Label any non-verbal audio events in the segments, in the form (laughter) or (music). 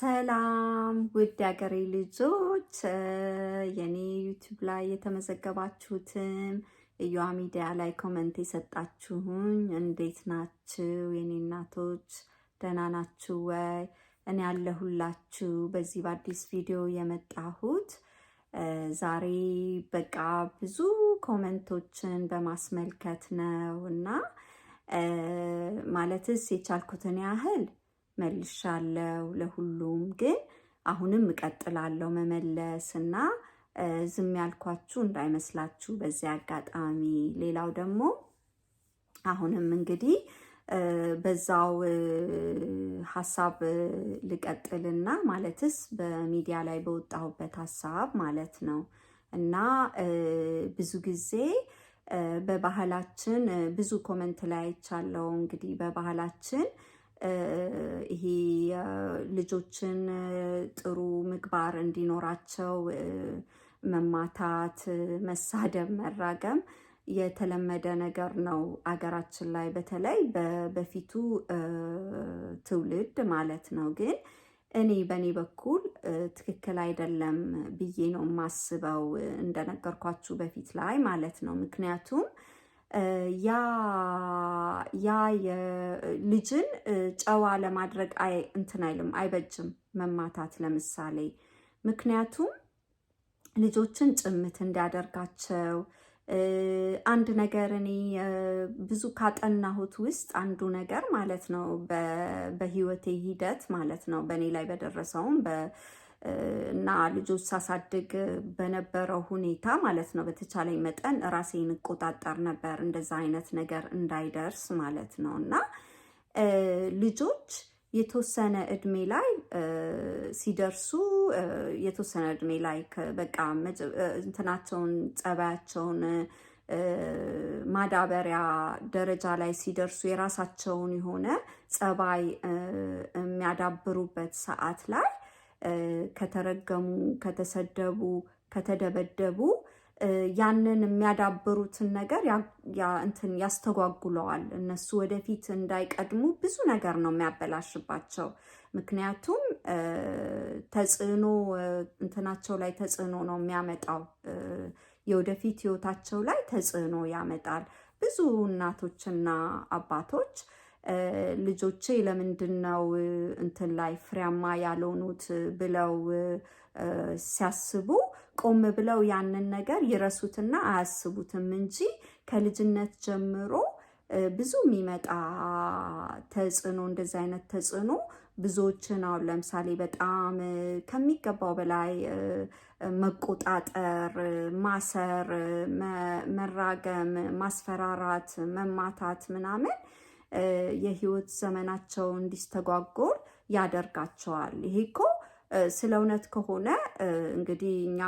ሰላም ውድ ሀገሬ ልጆች፣ የኔ ዩቲዩብ ላይ የተመዘገባችሁትም እዮሃ ሚዲያ ላይ ኮመንት የሰጣችሁኝ እንዴት ናችሁ? የኔ እናቶች ደህና ናችሁ ወይ? እኔ ያለሁላችሁ በዚህ በአዲስ ቪዲዮ የመጣሁት ዛሬ በቃ ብዙ ኮመንቶችን በማስመልከት ነው እና ማለትስ የቻልኩትን ያህል መልሻለው ለሁሉም ግን አሁንም እቀጥላለሁ መመለስ እና ዝም ያልኳችሁ እንዳይመስላችሁ በዚያ አጋጣሚ። ሌላው ደግሞ አሁንም እንግዲህ በዛው ሀሳብ ልቀጥልና ማለትስ በሚዲያ ላይ በወጣሁበት ሀሳብ ማለት ነው እና ብዙ ጊዜ በባህላችን ብዙ ኮመንት ላይ አይቻለው እንግዲህ በባህላችን ይሄ ልጆችን ጥሩ ምግባር እንዲኖራቸው መማታት፣ መሳደብ፣ መራገም የተለመደ ነገር ነው አገራችን ላይ በተለይ በፊቱ ትውልድ ማለት ነው። ግን እኔ በእኔ በኩል ትክክል አይደለም ብዬ ነው የማስበው እንደነገርኳችሁ በፊት ላይ ማለት ነው ምክንያቱም ያ ልጅን ጨዋ ለማድረግ እንትን አይልም፣ አይበጅም መማታት ለምሳሌ። ምክንያቱም ልጆችን ጭምት እንዲያደርጋቸው አንድ ነገር እኔ ብዙ ካጠናሁት ውስጥ አንዱ ነገር ማለት ነው በህይወቴ ሂደት ማለት ነው በእኔ ላይ በደረሰውም እና ልጆች ሳሳድግ በነበረው ሁኔታ ማለት ነው በተቻለኝ መጠን ራሴን እቆጣጠር ነበር፣ እንደዛ አይነት ነገር እንዳይደርስ ማለት ነው። እና ልጆች የተወሰነ እድሜ ላይ ሲደርሱ የተወሰነ እድሜ ላይ በቃ እንትናቸውን ጸባያቸውን ማዳበሪያ ደረጃ ላይ ሲደርሱ የራሳቸውን የሆነ ጸባይ የሚያዳብሩበት ሰዓት ላይ ከተረገሙ፣ ከተሰደቡ፣ ከተደበደቡ ያንን የሚያዳብሩትን ነገር እንትን ያስተጓጉለዋል። እነሱ ወደፊት እንዳይቀድሙ ብዙ ነገር ነው የሚያበላሽባቸው። ምክንያቱም ተጽዕኖ እንትናቸው ላይ ተጽዕኖ ነው የሚያመጣው። የወደፊት ህይወታቸው ላይ ተጽዕኖ ያመጣል። ብዙ እናቶችና አባቶች ልጆቼ ለምንድን ነው እንትን ላይ ፍሬያማ ያልሆኑት ብለው ሲያስቡ ቆም ብለው ያንን ነገር ይረሱትና አያስቡትም እንጂ ከልጅነት ጀምሮ ብዙ የሚመጣ ተጽዕኖ እንደዚህ አይነት ተጽዕኖ ብዙዎችን አሁን ለምሳሌ በጣም ከሚገባው በላይ መቆጣጠር፣ ማሰር፣ መራገም፣ ማስፈራራት፣ መማታት ምናምን የህይወት ዘመናቸው እንዲስተጓጎል ያደርጋቸዋል። ይሄ እኮ ስለ እውነት ከሆነ እንግዲህ እኛ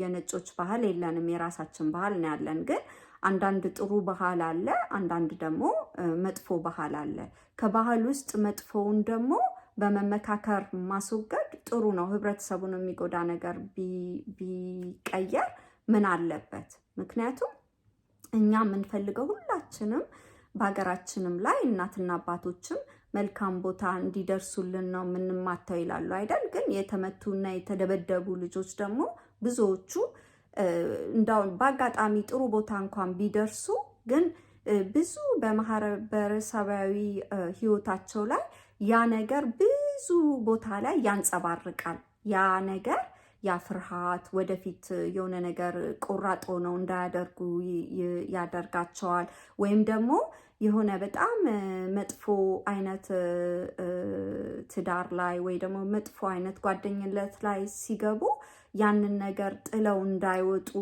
የነጮች ባህል የለንም፣ የራሳችን ባህል ነው ያለን። ግን አንዳንድ ጥሩ ባህል አለ፣ አንዳንድ ደግሞ መጥፎ ባህል አለ። ከባህል ውስጥ መጥፎውን ደግሞ በመመካከር ማስወገድ ጥሩ ነው። ህብረተሰቡን የሚጎዳ ነገር ቢቀየር ምን አለበት? ምክንያቱም እኛ የምንፈልገው ሁላችንም በሀገራችንም ላይ እናትና አባቶችም መልካም ቦታ እንዲደርሱልን ነው የምንማተው ይላሉ አይደል? ግን የተመቱና የተደበደቡ ልጆች ደግሞ ብዙዎቹ እንዳውም በአጋጣሚ ጥሩ ቦታ እንኳን ቢደርሱ ግን ብዙ በማህበረሰባዊ ህይወታቸው ላይ ያ ነገር ብዙ ቦታ ላይ ያንጸባርቃል ያ ነገር ያ ፍርሃት ወደፊት የሆነ ነገር ቆራጦ ነው እንዳያደርጉ ያደርጋቸዋል። ወይም ደግሞ የሆነ በጣም መጥፎ አይነት ትዳር ላይ ወይ ደግሞ መጥፎ አይነት ጓደኝነት ላይ ሲገቡ ያንን ነገር ጥለው እንዳይወጡ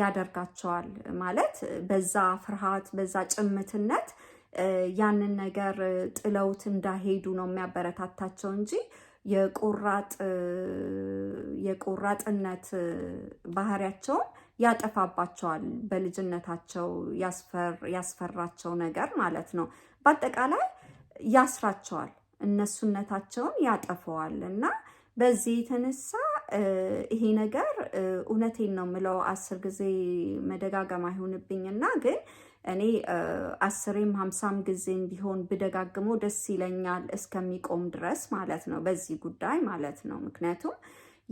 ያደርጋቸዋል። ማለት በዛ ፍርሃት በዛ ጭምትነት ያንን ነገር ጥለውት እንዳይሄዱ ነው የሚያበረታታቸው እንጂ የቆራጥነት ባህሪያቸውን ያጠፋባቸዋል። በልጅነታቸው ያስፈራቸው ነገር ማለት ነው። በአጠቃላይ ያስራቸዋል፣ እነሱነታቸውን ያጠፈዋል እና በዚህ የተነሳ ይሄ ነገር እውነቴን ነው የምለው አስር ጊዜ መደጋገም አይሆንብኝና ግን እኔ አስሬም ሀምሳም ጊዜም ቢሆን ብደጋግመው ደስ ይለኛል እስከሚቆም ድረስ ማለት ነው፣ በዚህ ጉዳይ ማለት ነው። ምክንያቱም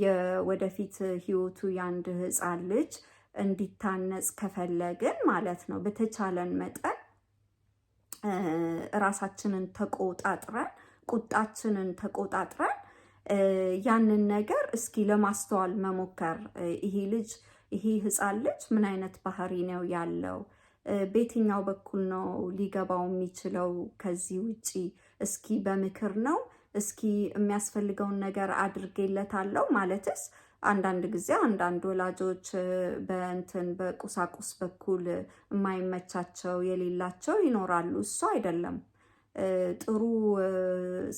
የወደፊት ህይወቱ የአንድ ህፃን ልጅ እንዲታነጽ ከፈለግን ማለት ነው በተቻለን መጠን እራሳችንን ተቆጣጥረን ቁጣችንን ተቆጣጥረን ያንን ነገር እስኪ ለማስተዋል መሞከር ይሄ ልጅ ይሄ ህፃን ልጅ ምን አይነት ባህሪ ነው ያለው በየትኛው በኩል ነው ሊገባው የሚችለው? ከዚህ ውጪ እስኪ በምክር ነው እስኪ የሚያስፈልገውን ነገር አድርጌለታለሁ ማለትስ አንዳንድ ጊዜ አንዳንድ ወላጆች በእንትን በቁሳቁስ በኩል የማይመቻቸው የሌላቸው ይኖራሉ። እሱ አይደለም ጥሩ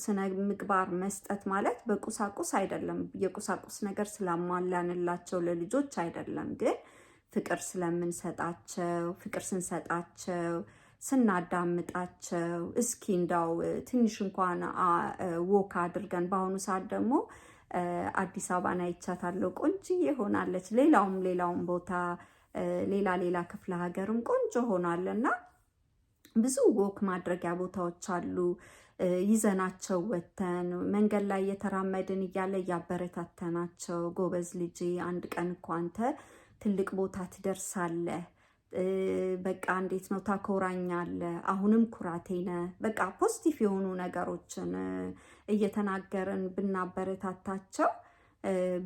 ስነ ምግባር መስጠት ማለት በቁሳቁስ አይደለም። የቁሳቁስ ነገር ስላሟላንላቸው ለልጆች አይደለም ግን ፍቅር ስለምንሰጣቸው ፍቅር ስንሰጣቸው ስናዳምጣቸው እስኪ እንዳው ትንሽ እንኳን ወክ አድርገን በአሁኑ ሰዓት ደግሞ አዲስ አበባን አይቻታለሁ። ቆንጅዬ ሆናለች። ሌላውም ሌላውም ቦታ ሌላ ሌላ ክፍለ ሀገርም ቆንጆ ሆኗል እና ብዙ ወክ ማድረጊያ ቦታዎች አሉ። ይዘናቸው ወተን መንገድ ላይ እየተራመድን እያለ እያበረታተናቸው ጎበዝ ልጄ አንድ ቀን እኮ አንተ ትልቅ ቦታ ትደርሳለህ፣ በቃ እንዴት ነው ታኮራኛለህ፣ አሁንም ኩራቴ ነህ። በቃ ፖዚቲቭ የሆኑ ነገሮችን እየተናገርን ብናበረታታቸው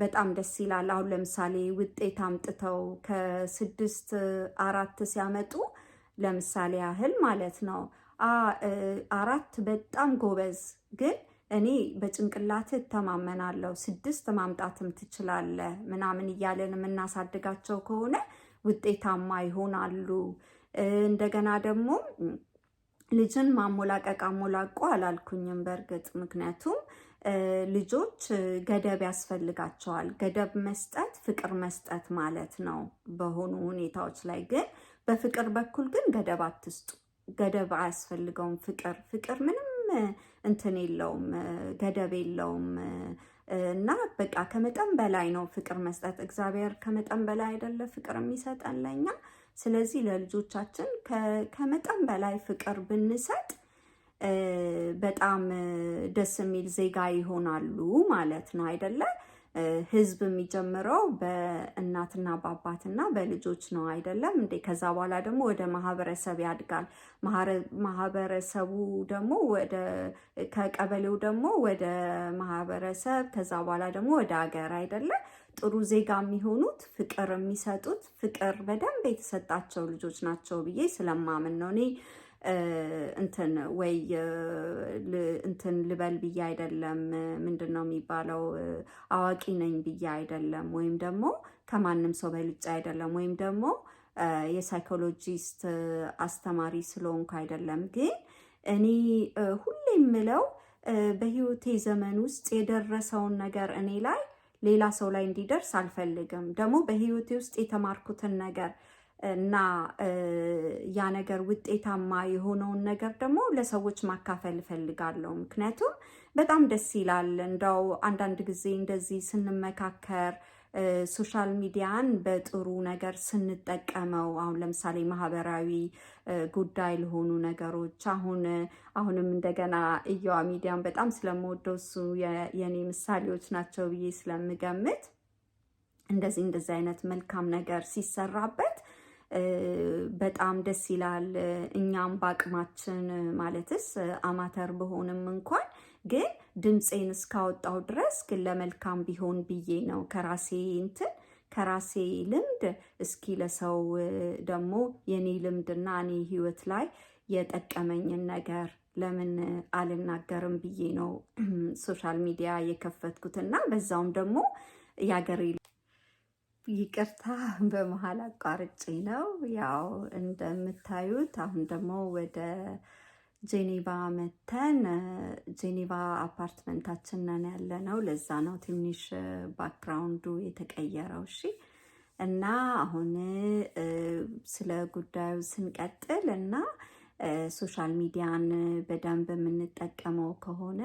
በጣም ደስ ይላል። አሁን ለምሳሌ ውጤት አምጥተው ከስድስት አራት ሲያመጡ ለምሳሌ ያህል ማለት ነው አራት በጣም ጎበዝ ግን እኔ በጭንቅላት እተማመናለሁ፣ ስድስት ማምጣትም ትችላለ ምናምን እያለን የምናሳድጋቸው ከሆነ ውጤታማ ይሆናሉ። እንደገና ደግሞ ልጅን ማሞላቀቅ አሞላቆ አላልኩኝም። በእርግጥ ምክንያቱም ልጆች ገደብ ያስፈልጋቸዋል። ገደብ መስጠት ፍቅር መስጠት ማለት ነው። በሆኑ ሁኔታዎች ላይ ግን በፍቅር በኩል ግን ገደብ አትስጡ። ገደብ አያስፈልገውም። ፍቅር ፍቅር ምንም እንትን የለውም፣ ገደብ የለውም እና በቃ ከመጠን በላይ ነው ፍቅር መስጠት። እግዚአብሔር ከመጠን በላይ አይደለ ፍቅር የሚሰጠን ስለዚህ ለልጆቻችን ከመጠን በላይ ፍቅር ብንሰጥ በጣም ደስ የሚል ዜጋ ይሆናሉ ማለት ነው አይደለም። ህዝብ የሚጀምረው በእናትና በአባትና በልጆች ነው አይደለም እንዴ? ከዛ በኋላ ደግሞ ወደ ማህበረሰብ ያድጋል። ማህበረሰቡ ደግሞ ወደ ከቀበሌው ደግሞ ወደ ማህበረሰብ፣ ከዛ በኋላ ደግሞ ወደ ሀገር አይደለም። ጥሩ ዜጋ የሚሆኑት ፍቅር የሚሰጡት ፍቅር በደንብ የተሰጣቸው ልጆች ናቸው ብዬ ስለማምን ነው እኔ እንትን ወይ እንትን ልበል ብዬ አይደለም፣ ምንድን ነው የሚባለው? አዋቂ ነኝ ብዬ አይደለም፣ ወይም ደግሞ ከማንም ሰው በልጬ አይደለም፣ ወይም ደግሞ የሳይኮሎጂስት አስተማሪ ስለሆንኩ አይደለም። ግን እኔ ሁሌ የምለው በህይወቴ ዘመን ውስጥ የደረሰውን ነገር እኔ ላይ ሌላ ሰው ላይ እንዲደርስ አልፈልግም። ደግሞ በህይወቴ ውስጥ የተማርኩትን ነገር እና ያ ነገር ውጤታማ የሆነውን ነገር ደግሞ ለሰዎች ማካፈል እፈልጋለሁ። ምክንያቱም በጣም ደስ ይላል። እንደው አንዳንድ ጊዜ እንደዚህ ስንመካከር ሶሻል ሚዲያን በጥሩ ነገር ስንጠቀመው አሁን ለምሳሌ ማህበራዊ ጉዳይ ለሆኑ ነገሮች አሁን አሁንም እንደገና እየዋ ሚዲያን በጣም ስለምወደው እሱ የኔ ምሳሌዎች ናቸው ብዬ ስለምገምት እንደዚህ እንደዚህ አይነት መልካም ነገር ሲሰራበት በጣም ደስ ይላል። እኛም በአቅማችን ማለትስ አማተር በሆንም እንኳን ግን ድምፄን እስካወጣው ድረስ ግን ለመልካም ቢሆን ብዬ ነው ከራሴ እንትን ከራሴ ልምድ እስኪ ለሰው ደግሞ የኔ ልምድና እኔ ህይወት ላይ የጠቀመኝን ነገር ለምን አልናገርም ብዬ ነው ሶሻል ሚዲያ የከፈትኩትና በዛውም ደግሞ ያገሬ ይቅርታ (laughs) በመሀል አቋርጬ ነው። ያው እንደምታዩት አሁን ደግሞ ወደ ጄኔቫ መተን ጄኔቫ አፓርትመንታችን ነን ያለ ነው። ለዛ ነው ትንሽ ባክግራውንዱ የተቀየረው። እሺ። እና አሁን ስለ ጉዳዩ ስንቀጥል እና ሶሻል ሚዲያን በደንብ የምንጠቀመው ከሆነ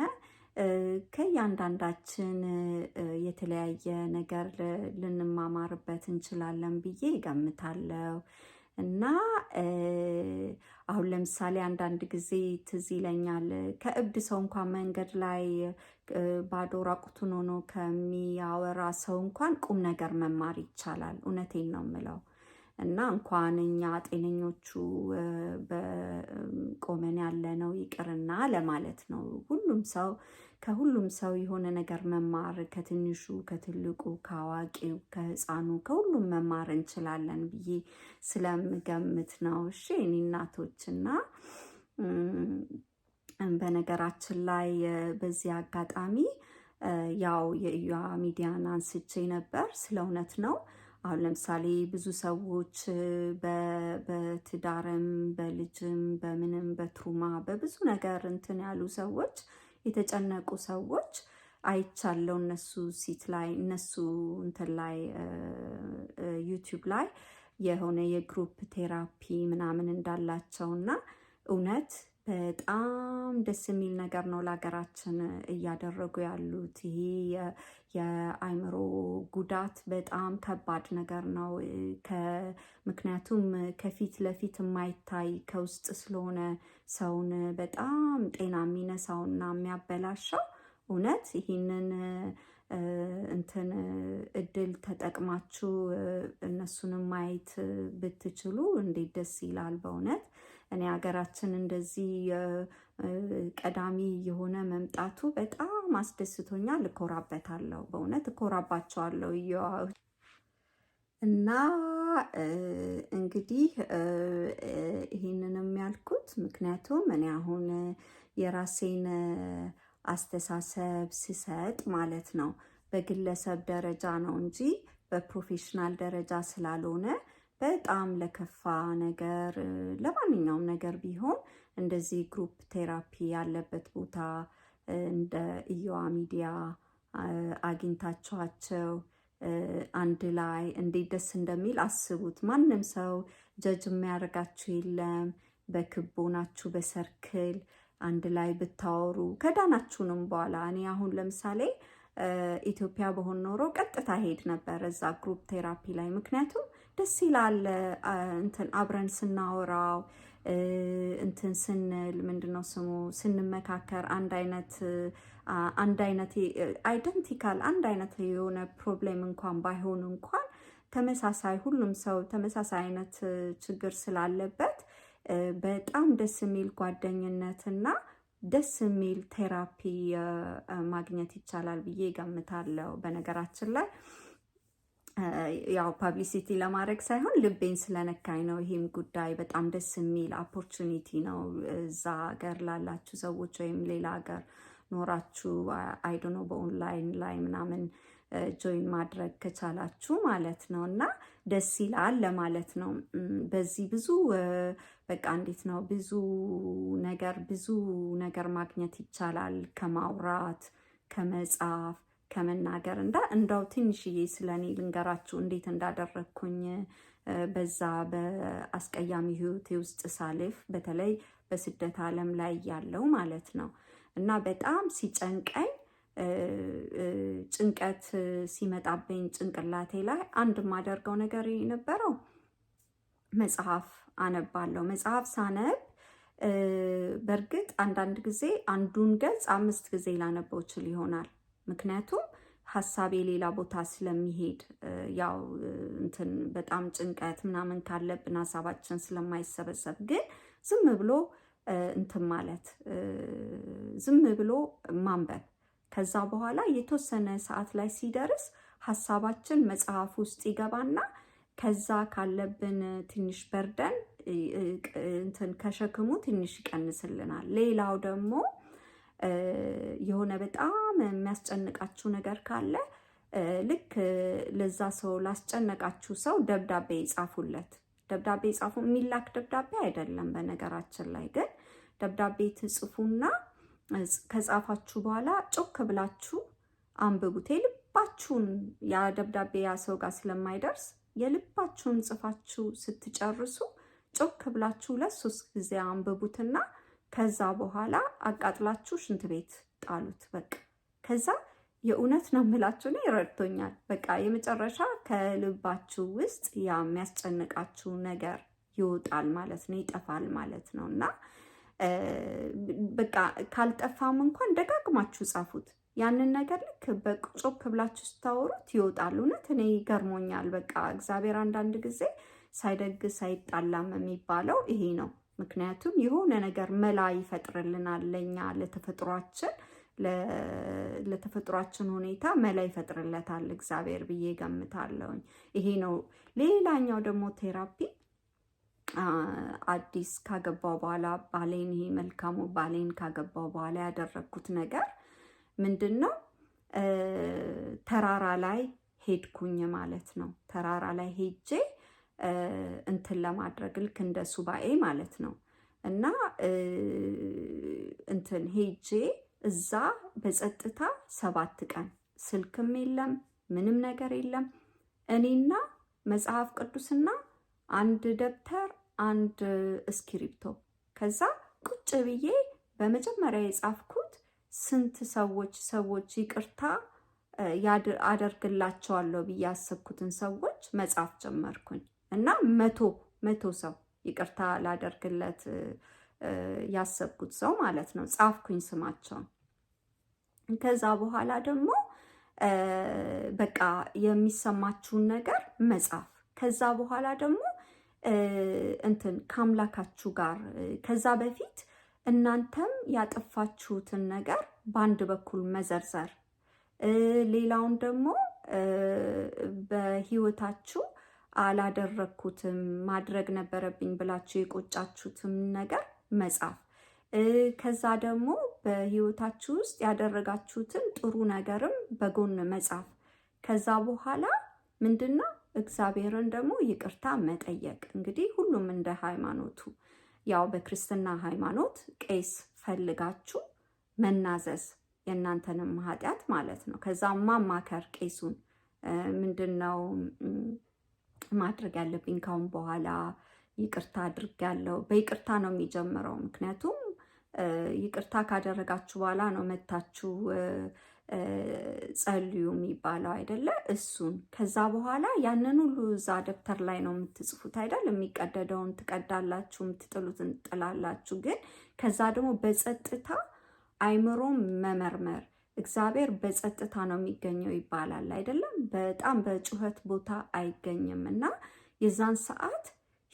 ከእያንዳንዳችን የተለያየ ነገር ልንማማርበት እንችላለን ብዬ እገምታለሁ። እና አሁን ለምሳሌ አንዳንድ ጊዜ ትዝ ይለኛል ከእብድ ሰው እንኳን መንገድ ላይ ባዶ ራቁቱን ሆኖ ከሚያወራ ሰው እንኳን ቁም ነገር መማር ይቻላል። እውነቴን ነው የምለው። እና እንኳን እኛ ጤነኞቹ በቆመን ነው ይቅርና ለማለት ነው። ሁሉም ሰው ከሁሉም ሰው የሆነ ነገር መማር ከትንሹ፣ ከትልቁ፣ ከአዋቂው፣ ከህፃኑ ከሁሉም መማር እንችላለን ብዬ ስለምገምት ነው። እሺ እናቶች እና በነገራችን ላይ በዚህ አጋጣሚ ያው የእዩሃ ሚዲያን አንስቼ ነበር። ስለ እውነት ነው አሁን ለምሳሌ ብዙ ሰዎች በትዳርም በልጅም በምንም በትሩማ በብዙ ነገር እንትን ያሉ ሰዎች የተጨነቁ ሰዎች አይቻለው። እነሱ ሲት ላይ እነሱ እንትን ላይ ዩቲዩብ ላይ የሆነ የግሩፕ ቴራፒ ምናምን እንዳላቸውና እውነት በጣም ደስ የሚል ነገር ነው ለሀገራችን እያደረጉ ያሉት። ይሄ የአይምሮ ጉዳት በጣም ከባድ ነገር ነው። ምክንያቱም ከፊት ለፊት የማይታይ ከውስጥ ስለሆነ ሰውን በጣም ጤና የሚነሳውና የሚያበላሻው እውነት ይህንን እንትን እድል ተጠቅማችሁ እነሱንም ማየት ብትችሉ እንዴት ደስ ይላል በእውነት። እኔ ሀገራችን እንደዚህ ቀዳሚ የሆነ መምጣቱ በጣም አስደስቶኛል። እኮራበታለሁ፣ በእውነት እኮራባቸዋለሁ። እና እንግዲህ ይህንንም ያልኩት ምክንያቱም እኔ አሁን የራሴን አስተሳሰብ ስሰጥ ማለት ነው በግለሰብ ደረጃ ነው እንጂ በፕሮፌሽናል ደረጃ ስላልሆነ በጣም ለከፋ ነገር ለማንኛውም ነገር ቢሆን እንደዚህ ግሩፕ ቴራፒ ያለበት ቦታ እንደ ኢዮዋ ሚዲያ አግኝታችኋቸው አንድ ላይ እንዴት ደስ እንደሚል አስቡት። ማንም ሰው ጀጅ የሚያደርጋችሁ የለም። በክቦ ናችሁ፣ በሰርክል አንድ ላይ ብታወሩ ከዳናችሁንም በኋላ እኔ አሁን ለምሳሌ ኢትዮጵያ በሆን ኖሮ ቀጥታ ሄድ ነበር እዛ ግሩፕ ቴራፒ ላይ ምክንያቱም ደስ ይላል። እንትን አብረን ስናወራው እንትን ስንል ምንድነው ስሙ ስንመካከር አንድ አይነት አንድ አይነት አይደንቲካል አንድ አይነት የሆነ ፕሮብሌም እንኳን ባይሆን እንኳን ተመሳሳይ ሁሉም ሰው ተመሳሳይ አይነት ችግር ስላለበት በጣም ደስ የሚል ጓደኝነት እና ደስ የሚል ቴራፒ ማግኘት ይቻላል ብዬ ገምታለሁ። በነገራችን ላይ ያው ፐብሊሲቲ ለማድረግ ሳይሆን ልቤን ስለነካኝ ነው። ይህም ጉዳይ በጣም ደስ የሚል ኦፖርቹኒቲ ነው። እዛ ሀገር ላላችሁ ሰዎች ወይም ሌላ ሀገር ኖራችሁ አይዶኖ በኦንላይን ላይ ምናምን ጆይን ማድረግ ከቻላችሁ ማለት ነው እና ደስ ይላል ለማለት ነው። በዚህ ብዙ በቃ እንዴት ነው ብዙ ነገር ብዙ ነገር ማግኘት ይቻላል ከማውራት ከመጻፍ ከመናገር እንዳ እንዳው ትንሽዬ ስለኔ ልንገራችሁ እንዴት እንዳደረግኩኝ በዛ በአስቀያሚ ህይወቴ ውስጥ ሳልፍ በተለይ በስደት ዓለም ላይ ያለው ማለት ነው እና በጣም ሲጨንቀኝ ጭንቀት ሲመጣብኝ ጭንቅላቴ ላይ አንድ የማደርገው ነገር የነበረው መጽሐፍ አነባለሁ። መጽሐፍ ሳነብ በእርግጥ አንዳንድ ጊዜ አንዱን ገጽ አምስት ጊዜ ላነበው ችል ይሆናል ምክንያቱም ሀሳብ የሌላ ቦታ ስለሚሄድ ያው እንትን በጣም ጭንቀት ምናምን ካለብን ሀሳባችን ስለማይሰበሰብ ግን ዝም ብሎ እንትን ማለት ዝም ብሎ ማንበብ ከዛ በኋላ የተወሰነ ሰዓት ላይ ሲደርስ ሀሳባችን መጽሐፍ ውስጥ ይገባና ከዛ ካለብን ትንሽ በርደን እንትን ከሸክሙ ትንሽ ይቀንስልናል። ሌላው ደግሞ የሆነ በጣም የሚያስጨንቃችሁ ነገር ካለ ልክ ለዛ ሰው ላስጨነቃችሁ ሰው ደብዳቤ ይጻፉለት። ደብዳቤ ይጻፉ። የሚላክ ደብዳቤ አይደለም በነገራችን ላይ ግን ደብዳቤ ትጽፉና ከጻፋችሁ በኋላ ጮክ ብላችሁ አንብቡት። የልባችሁን ያ ደብዳቤ ያ ሰው ጋር ስለማይደርስ የልባችሁን ጽፋችሁ ስትጨርሱ ጮክ ብላችሁ ለሶስት ጊዜ አንብቡትና ከዛ በኋላ አቃጥላችሁ ሽንት ቤት ጣሉት። በቃ ከዛ የእውነት ነው የምላችሁ እኔ ረድቶኛል። በቃ የመጨረሻ ከልባችሁ ውስጥ ያ የሚያስጨንቃችሁ ነገር ይወጣል ማለት ነው፣ ይጠፋል ማለት ነው። እና በቃ ካልጠፋም እንኳን ደጋግማችሁ ጻፉት ያንን ነገር ልክ በቁጮ ብላችሁ ስታወሩት ይወጣል። እውነት እኔ ይገርሞኛል። በቃ እግዚአብሔር አንዳንድ ጊዜ ሳይደግስ አይጣላም የሚባለው ይሄ ነው። ምክንያቱም የሆነ ነገር መላ ይፈጥርልናል። ለእኛ ለተፈጥሯችን ለተፈጥሯችን ሁኔታ መላ ይፈጥርለታል እግዚአብሔር ብዬ ገምታለሁኝ። ይሄ ነው። ሌላኛው ደግሞ ቴራፒ አዲስ ካገባው በኋላ ባሌን ይሄ መልካሙ ባሌን ካገባው በኋላ ያደረግኩት ነገር ምንድን ነው? ተራራ ላይ ሄድኩኝ ማለት ነው። ተራራ ላይ ሄጄ እንትን ለማድረግ ልክ እንደ ሱባኤ ማለት ነው እና እንትን ሄጄ እዛ በጸጥታ ሰባት ቀን ስልክም የለም ምንም ነገር የለም። እኔና መጽሐፍ ቅዱስና አንድ ደብተር አንድ እስክሪብቶ ከዛ ቁጭ ብዬ በመጀመሪያ የጻፍኩት ስንት ሰዎች ሰዎች ይቅርታ አደርግላቸዋለሁ ብዬ ያሰብኩትን ሰዎች መጻፍ ጀመርኩኝ። እና መቶ መቶ ሰው ይቅርታ ላደርግለት ያሰብኩት ሰው ማለት ነው ጻፍኩኝ ስማቸውን። ከዛ በኋላ ደግሞ በቃ የሚሰማችሁን ነገር መጻፍ ከዛ በኋላ ደግሞ እንትን ከአምላካችሁ ጋር ከዛ በፊት እናንተም ያጠፋችሁትን ነገር በአንድ በኩል መዘርዘር፣ ሌላውን ደግሞ በህይወታችሁ አላደረግኩትም ማድረግ ነበረብኝ ብላችሁ የቆጫችሁትም ነገር መጻፍ። ከዛ ደግሞ በህይወታችሁ ውስጥ ያደረጋችሁትን ጥሩ ነገርም በጎን መጻፍ። ከዛ በኋላ ምንድነው እግዚአብሔርን ደግሞ ይቅርታ መጠየቅ። እንግዲህ ሁሉም እንደ ሃይማኖቱ ያው በክርስትና ሃይማኖት ቄስ ፈልጋችሁ መናዘዝ የእናንተንም ኃጢአት ማለት ነው። ከዛም ማማከር ቄሱን ምንድን ነው ማድረግ ያለብኝ ካሁን በኋላ ይቅርታ አድርጌያለሁ። በይቅርታ ነው የሚጀምረው። ምክንያቱም ይቅርታ ካደረጋችሁ በኋላ ነው መታችሁ ጸልዩ የሚባለው አይደለ? እሱን ከዛ በኋላ ያንን ሁሉ እዛ ደብተር ላይ ነው የምትጽፉት አይደል? የሚቀደደውን ትቀዳላችሁ፣ የምትጥሉትን ትጥላላችሁ። ግን ከዛ ደግሞ በጸጥታ አይምሮ መመርመር እግዚአብሔር በጸጥታ ነው የሚገኘው ይባላል አይደለም? በጣም በጩኸት ቦታ አይገኝም። እና የዛን ሰዓት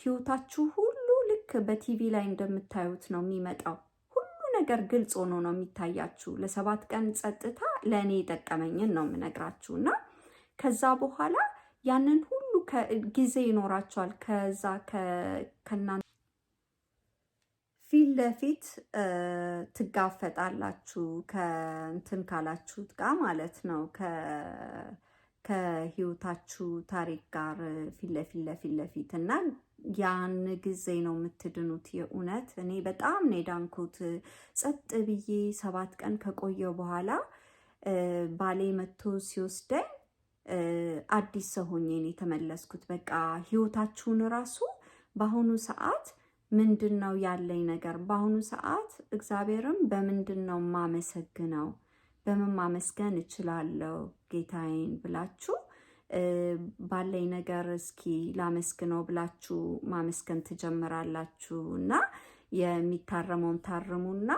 ህይወታችሁ ሁሉ ልክ በቲቪ ላይ እንደምታዩት ነው የሚመጣው። ሁሉ ነገር ግልጽ ሆኖ ነው የሚታያችሁ። ለሰባት ቀን ጸጥታ ለእኔ የጠቀመኝን ነው የምነግራችሁ። እና ከዛ በኋላ ያንን ሁሉ ጊዜ ይኖራቸዋል ከዛ ከእናንተ ለፊት ትጋፈጣላችሁ ከእንትን ካላችሁት ጋር ማለት ነው። ከህይወታችሁ ታሪክ ጋር ፊት ለፊት ለፊት ለፊት እና ያን ጊዜ ነው የምትድኑት። የእውነት እኔ በጣም ነው የዳንኩት። ጸጥ ብዬ ሰባት ቀን ከቆየው በኋላ ባሌ መጥቶ ሲወስደኝ አዲስ ሰው ሆኜ ነው የተመለስኩት። በቃ ህይወታችሁን ራሱ በአሁኑ ሰዓት ምንድን ነው ያለኝ ነገር በአሁኑ ሰዓት እግዚአብሔርም በምንድን ነው የማመሰግነው፣ በምን ማመስገን እችላለሁ ጌታዬን ብላችሁ ባለኝ ነገር እስኪ ላመስግነው ብላችሁ ማመስገን ትጀምራላችሁ እና የሚታረመውን ታርሙና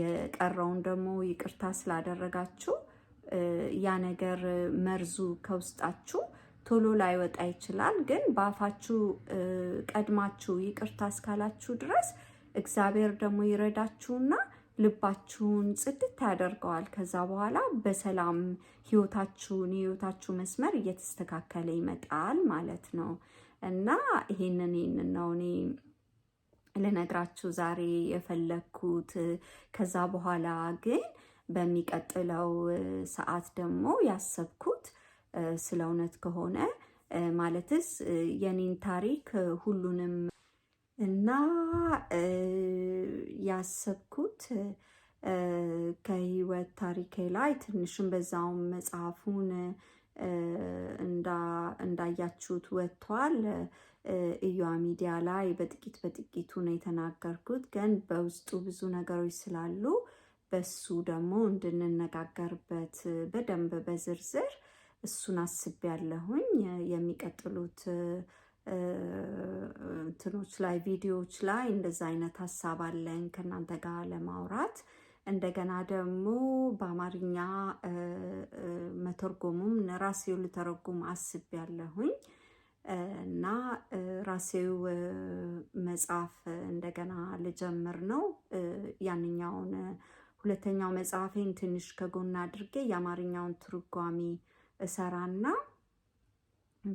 የቀረውን ደግሞ ይቅርታ ስላደረጋችሁ ያ ነገር መርዙ ከውስጣችሁ ቶሎ ላይወጣ ይችላል። ግን በአፋችሁ ቀድማችሁ ይቅርታ እስካላችሁ ድረስ እግዚአብሔር ደግሞ ይረዳችሁና ልባችሁን ጽድት ያደርገዋል። ከዛ በኋላ በሰላም ህይወታችሁን የህይወታችሁ መስመር እየተስተካከለ ይመጣል ማለት ነው እና ይሄንን ይህንን ነው እኔ ልነግራችሁ ዛሬ የፈለግኩት። ከዛ በኋላ ግን በሚቀጥለው ሰዓት ደግሞ ያሰብኩት ስለ እውነት ከሆነ ማለትስ የኔን ታሪክ ሁሉንም እና ያሰብኩት ከህይወት ታሪኬ ላይ ትንሽም በዛውም መጽሐፉን እንዳያችሁት ወጥቷል። እያ ሚዲያ ላይ በጥቂት በጥቂቱ ነው የተናገርኩት፣ ግን በውስጡ ብዙ ነገሮች ስላሉ በሱ ደግሞ እንድንነጋገርበት በደንብ በዝርዝር እሱን አስቤያለሁኝ። የሚቀጥሉት እንትኖች ላይ ቪዲዮዎች ላይ እንደዛ አይነት ሀሳብ አለኝ ከእናንተ ጋር ለማውራት። እንደገና ደግሞ በአማርኛ መተርጎሙም ራሴው ልተረጉም አስቤያለሁኝ እና ራሴው መጽሐፍ እንደገና ልጀምር ነው። ያንኛውን ሁለተኛው መጽሐፌን ትንሽ ከጎን አድርጌ የአማርኛውን ትርጓሜ እሰራና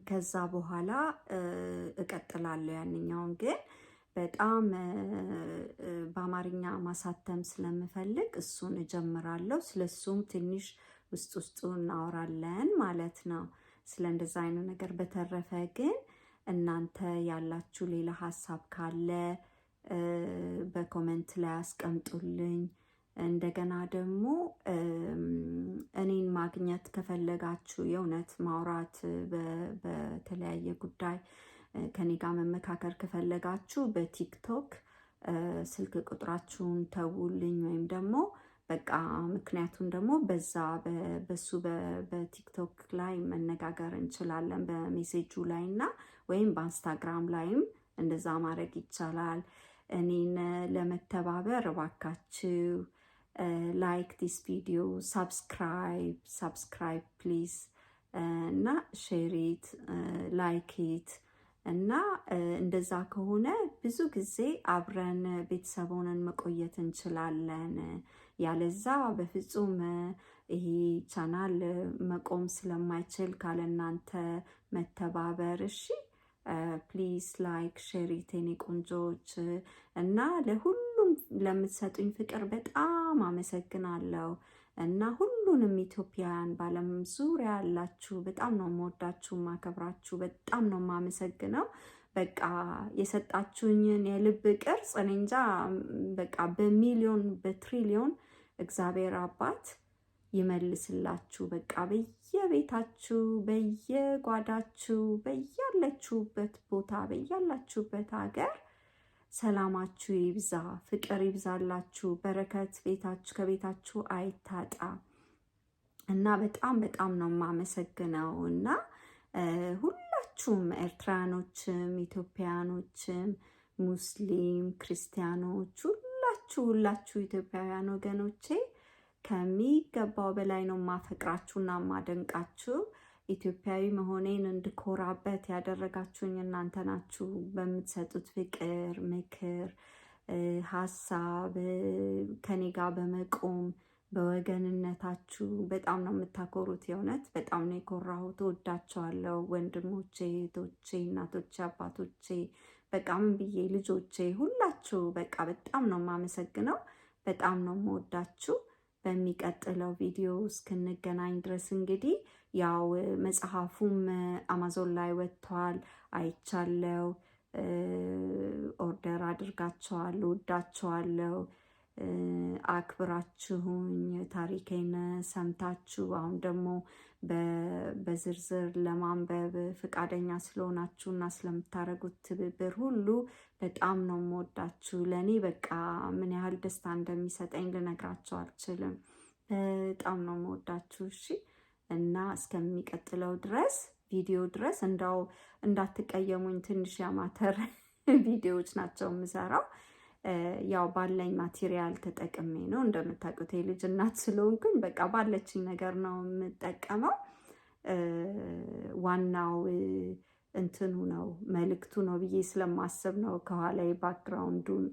ከዛ በኋላ እቀጥላለሁ። ያንኛውን ግን በጣም በአማርኛ ማሳተም ስለምፈልግ እሱን እጀምራለሁ። ስለሱም ትንሽ ውስጥ ውስጡ እናወራለን ማለት ነው፣ ስለ እንደዛ አይነት ነገር። በተረፈ ግን እናንተ ያላችሁ ሌላ ሀሳብ ካለ በኮመንት ላይ አስቀምጡልኝ። እንደገና ደግሞ እኔን ማግኘት ከፈለጋችሁ የእውነት ማውራት በተለያየ ጉዳይ ከኔ ጋር መመካከር ከፈለጋችሁ በቲክቶክ ስልክ ቁጥራችሁን ተውልኝ ወይም ደግሞ በቃ ምክንያቱም ደግሞ በዛ በሱ በቲክቶክ ላይ መነጋገር እንችላለን በሜሴጁ ላይ እና ወይም በኢንስታግራም ላይም እንደዛ ማድረግ ይቻላል። እኔን ለመተባበር እባካችሁ ላይክ ዲስ ቪዲዮ ሳብስክራይብ ሳብስክራይብ ፕሊዝ እና ሼሪት ላይክት uh, እና uh, እንደዛ ከሆነ ብዙ ጊዜ አብረን ቤተሰብ ሆነን መቆየት እንችላለን። ያለዛ በፍጹም uh, ይሄ ቻናል መቆም ስለማይችል ካለ እናንተ መተባበር እሺ። ፕሊዝ ላይክ ሼሪት የኔ ቆንጆች እና ለሁሉ ለምትሰጡኝ ፍቅር በጣም አመሰግናለሁ እና ሁሉንም ኢትዮጵያውያን በዓለም ዙሪያ ያላችሁ በጣም ነው የምወዳችሁ፣ ማከብራችሁ፣ በጣም ነው የማመሰግነው። በቃ የሰጣችሁኝን የልብ ቅርጽ እኔ እንጃ በቃ በሚሊዮን በትሪሊዮን እግዚአብሔር አባት ይመልስላችሁ። በቃ በየቤታችሁ፣ በየጓዳችሁ፣ በያለችሁበት ቦታ፣ በያላችሁበት ሀገር ሰላማችሁ ይብዛ፣ ፍቅር ይብዛላችሁ፣ በረከት ቤታችሁ ከቤታችሁ አይታጣ እና በጣም በጣም ነው የማመሰግነው እና ሁላችሁም ኤርትራኖችም፣ ኢትዮጵያኖችም፣ ሙስሊም ክርስቲያኖች ሁላችሁ ሁላችሁ ኢትዮጵያውያን ወገኖቼ ከሚገባው በላይ ነው ማፈቅራችሁና ማደንቃችሁ። ኢትዮጵያዊ መሆኔን እንድኮራበት ያደረጋችሁኝ እናንተ ናችሁ። በምትሰጡት ፍቅር፣ ምክር፣ ሀሳብ ከኔ ጋር በመቆም በወገንነታችሁ በጣም ነው የምታኮሩት። የእውነት በጣም ነው የኮራሁት። እወዳቸዋለሁ ወንድሞቼ፣ እህቶቼ፣ እናቶቼ፣ አባቶቼ በቃ ምን ብዬ ልጆቼ ሁላችሁ በቃ በጣም ነው የማመሰግነው። በጣም ነው የምወዳችሁ። በሚቀጥለው ቪዲዮ እስክንገናኝ ድረስ እንግዲህ ያው መጽሐፉም አማዞን ላይ ወጥቷል፣ አይቻለው። ኦርደር አድርጋቸዋለሁ። ወዳቸዋለሁ። አክብራችሁኝ ታሪኬን ሰምታችሁ አሁን ደግሞ በዝርዝር ለማንበብ ፈቃደኛ ስለሆናችሁ እና ስለምታደርጉት ትብብር ሁሉ በጣም ነው የምወዳችሁ። ለእኔ በቃ ምን ያህል ደስታ እንደሚሰጠኝ ልነግራችሁ አልችልም። በጣም ነው የምወዳችሁ። እሺ እና እስከሚቀጥለው ድረስ ቪዲዮ ድረስ እንዳው እንዳትቀየሙኝ ትንሽ ያማተር (laughs) ቪዲዮዎች ናቸው የምሰራው። ያው ባለኝ ማቴሪያል ተጠቅሜ ነው። እንደምታውቁት የልጅ እናት ስለሆንኩኝ በቃ ባለችኝ ነገር ነው የምጠቀመው። ዋናው እንትኑ ነው መልእክቱ ነው ብዬ ስለማስብ ነው ከኋላ ባክግራውንዱን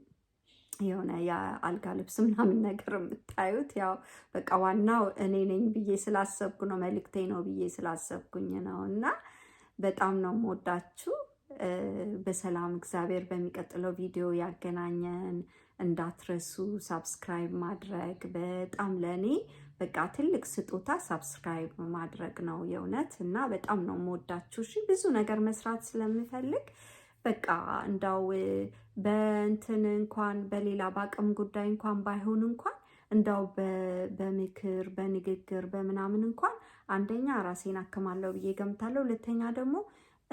የሆነ የአልጋ ልብስ ምናምን ነገር የምታዩት ያው በቃ ዋናው እኔ ነኝ ብዬ ስላሰብኩ ነው፣ መልክቴ ነው ብዬ ስላሰብኩኝ ነው። እና በጣም ነው የምወዳችሁ። በሰላም እግዚአብሔር በሚቀጥለው ቪዲዮ ያገናኘን። እንዳትረሱ ሳብስክራይብ ማድረግ በጣም ለእኔ በቃ ትልቅ ስጦታ ሳብስክራይብ ማድረግ ነው የእውነት። እና በጣም ነው የምወዳችሁ። እሺ ብዙ ነገር መስራት ስለምፈልግ በቃ እንዳው በእንትን እንኳን በሌላ በአቅም ጉዳይ እንኳን ባይሆን እንኳን እንዳው በምክር በንግግር በምናምን እንኳን አንደኛ ራሴን አክማለሁ ብዬ ገምታለሁ። ሁለተኛ ደግሞ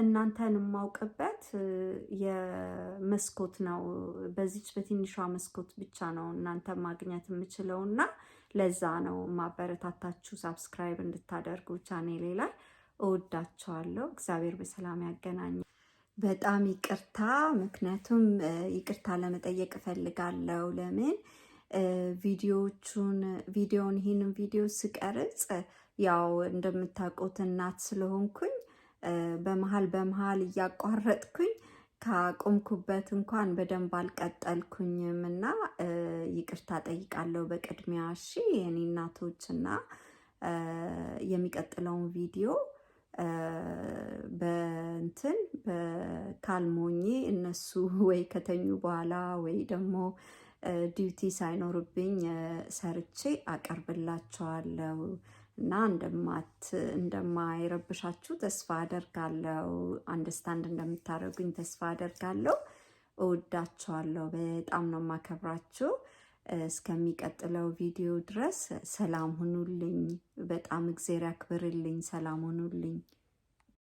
እናንተን የማውቅበት የመስኮት ነው። በዚች በትንሿ መስኮት ብቻ ነው እናንተ ማግኘት የምችለው እና ለዛ ነው ማበረታታችሁ። ሳብስክራይብ እንድታደርጉ ቻኔሌ ላይ እወዳቸዋለሁ። እግዚአብሔር በሰላም ያገናኘን። በጣም ይቅርታ። ምክንያቱም ይቅርታ ለመጠየቅ እፈልጋለሁ። ለምን ቪዲዮቹን ቪዲዮን ይህንን ቪዲዮ ስቀርጽ ያው እንደምታውቁት እናት ስለሆንኩኝ በመሀል በመሀል እያቋረጥኩኝ ካቆምኩበት እንኳን በደንብ አልቀጠልኩኝም እና ይቅርታ ጠይቃለሁ በቅድሚያ እሺ የኔ እናቶች እና የሚቀጥለውን ቪዲዮ በእንትን በካልሞኜ እነሱ (laughs) ወይ ከተኙ በኋላ ወይ ደግሞ ዲዩቲ ሳይኖርብኝ ሰርቼ አቀርብላቸዋለሁ እና እንደማት እንደማይረብሻችሁ ተስፋ አደርጋለሁ። አንደስታንድ እንደምታደርጉኝ ተስፋ አደርጋለሁ። እወዳቸዋለሁ። በጣም ነው የማከብራችሁ። እስከሚቀጥለው ቪዲዮ ድረስ ሰላም ሁኑልኝ። በጣም እግዜር ያክብርልኝ። ሰላም ሁኑልኝ።